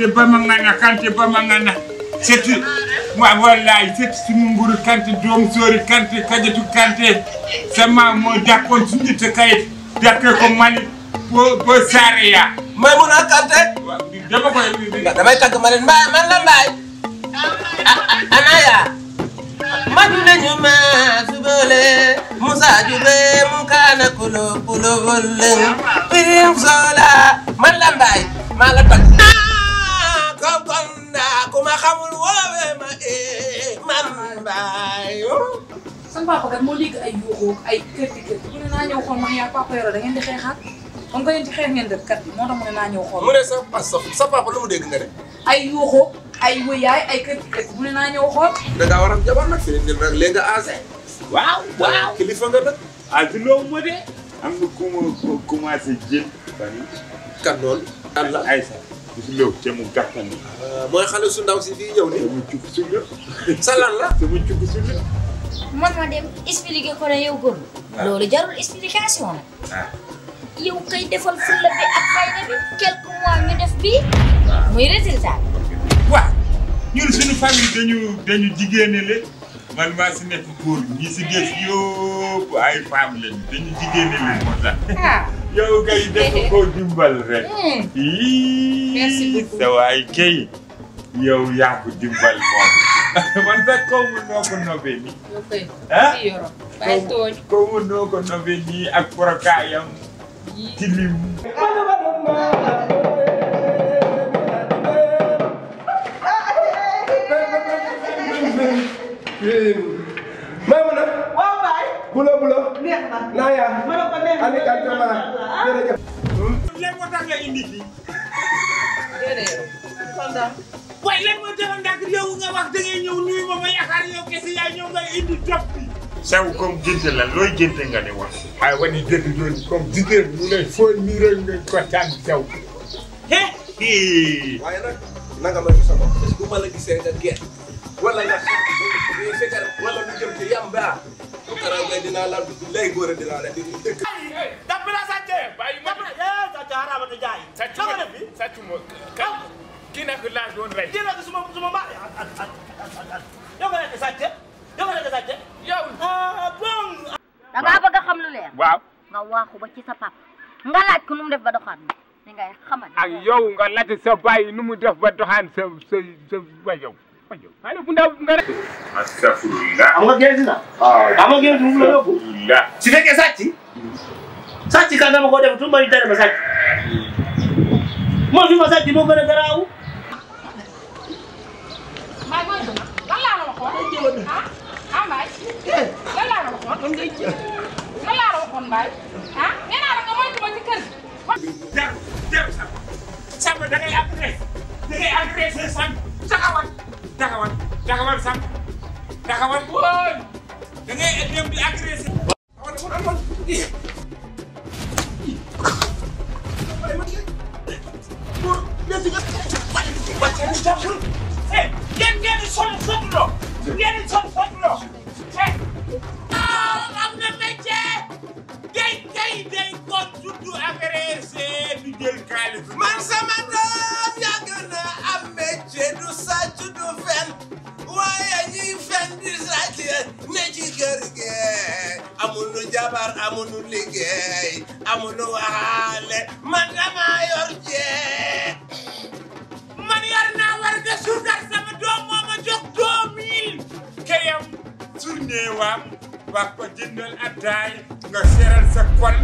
gerte ba ma nga na kante ba ma nga na seti wallaay seti suñu mburu kante doom soori kante kajatu kante sama moo dakkoon suñu te kayit dakkee ko mali bo bo saare yaa Maymuna Kanté dama koy damay tàgg ma leen mbaay man la mbaay ah, ah, anaya madu nañu ma subole Musa Jube mu kaana kulo kulo wolle pirim man la mbaay maa la tàgg baayo sama papa kat moo léegi ay yuuxoo ay kër di kër mu ne ñëw xool man yaa papa yoro da ngeen di xeexaat kon ko yéen ci xeex ngeen dëkk kat moo tax mu naa ñëw xool mu sa sa papa lu mu dégg nga de ay yuuxoo ay wëyaay ay naa ñëw xool da war am jabar nag fi ne rek léegi nga âgé waaw waaw kilifa nga nag âgé ah, loo de am na ku ma commencé jël fan kan loolu kan la Aïssa si léew euh, mooy xale su ndaw fii ñëw nii mu cukk suñ la sa lan la te mu cukk suñ la man ma dem expliquer ko ne yow gëmul ah. loolu jarul explication nag ah. yow kay defal fulla bi ak fayda bi quelques mois ñu def bii muy résultat waaw ñun suñu famille dañu dañu jigéenele man maa si nekk góor ñi si gés yëpp ay femmes lañu dañu jigéenele moo tax ah. yow kay def ko dimbal rek. Hmm. merci beaucoup sa waay kay. yow yaa ko dimbal moom. man sax kaw mu noo ko nobee nii. ok si ah? yoroon bàyyi tooñ. kaw mu noo ko nobee nii ak porokaayam tilim. maamuna. waaw baay. bulo bulo. neex na naa yaa. amical vraiment jërëjëf. léegi moo tax la indi fii. jërëjëf kontaan. waaye léegi moo tax ndax yow nga wax da ngay ñëw nuyu ma ma yaakaar yow kese yaa ñëw nga indi topp bi. sew comme génte la looy génte nga di wax. waaye wani dëgg loolu comme jigéen mu ne foo nii rek nga kontaan sew. he. waaye nag nanga ma sa bopp parce que bu ma la gisee nga gerte wala nga wala nga jëm ci yamba. bu ko defee dinaa la léegi góor a dinaa la déglu dëkk. sàccu ma sàccu ma kan ah. kii nag laa doon rey. kii nag su ma su ma ma yow nga nekk sàcce yow nga nekk sàcce yow. Ah, bon. da ngaa bëgg a xam lu leer. waaw nga ci sa pap nga ko def ba doxaan yow nga mu def ba doxaan sa sa sa ba yow. xale bu ndaw nga ko def ma sàcc. moom li ma sàcc moo gën a garaaw. Mbaye mooy lan laa la waxoon ah ah Mbaye eh. lan laa la waxoon lan laa la waxoon Mbaye ah nee nga moytu ma ci kër gi. jarul jarul Samba Samba da ngay agressé da ngay agressé Samba taxawal taxawal taxawal Samba taxawal. da ngay dem di ngeen di man sama doom yàgg na am métier du sàcc du waaye ñiy fen di sàcc ne ci kër gi amunu jabar amunu liggéey amunu waxaale man. su néewaam wax ko jëndal attaay nga seral sa kol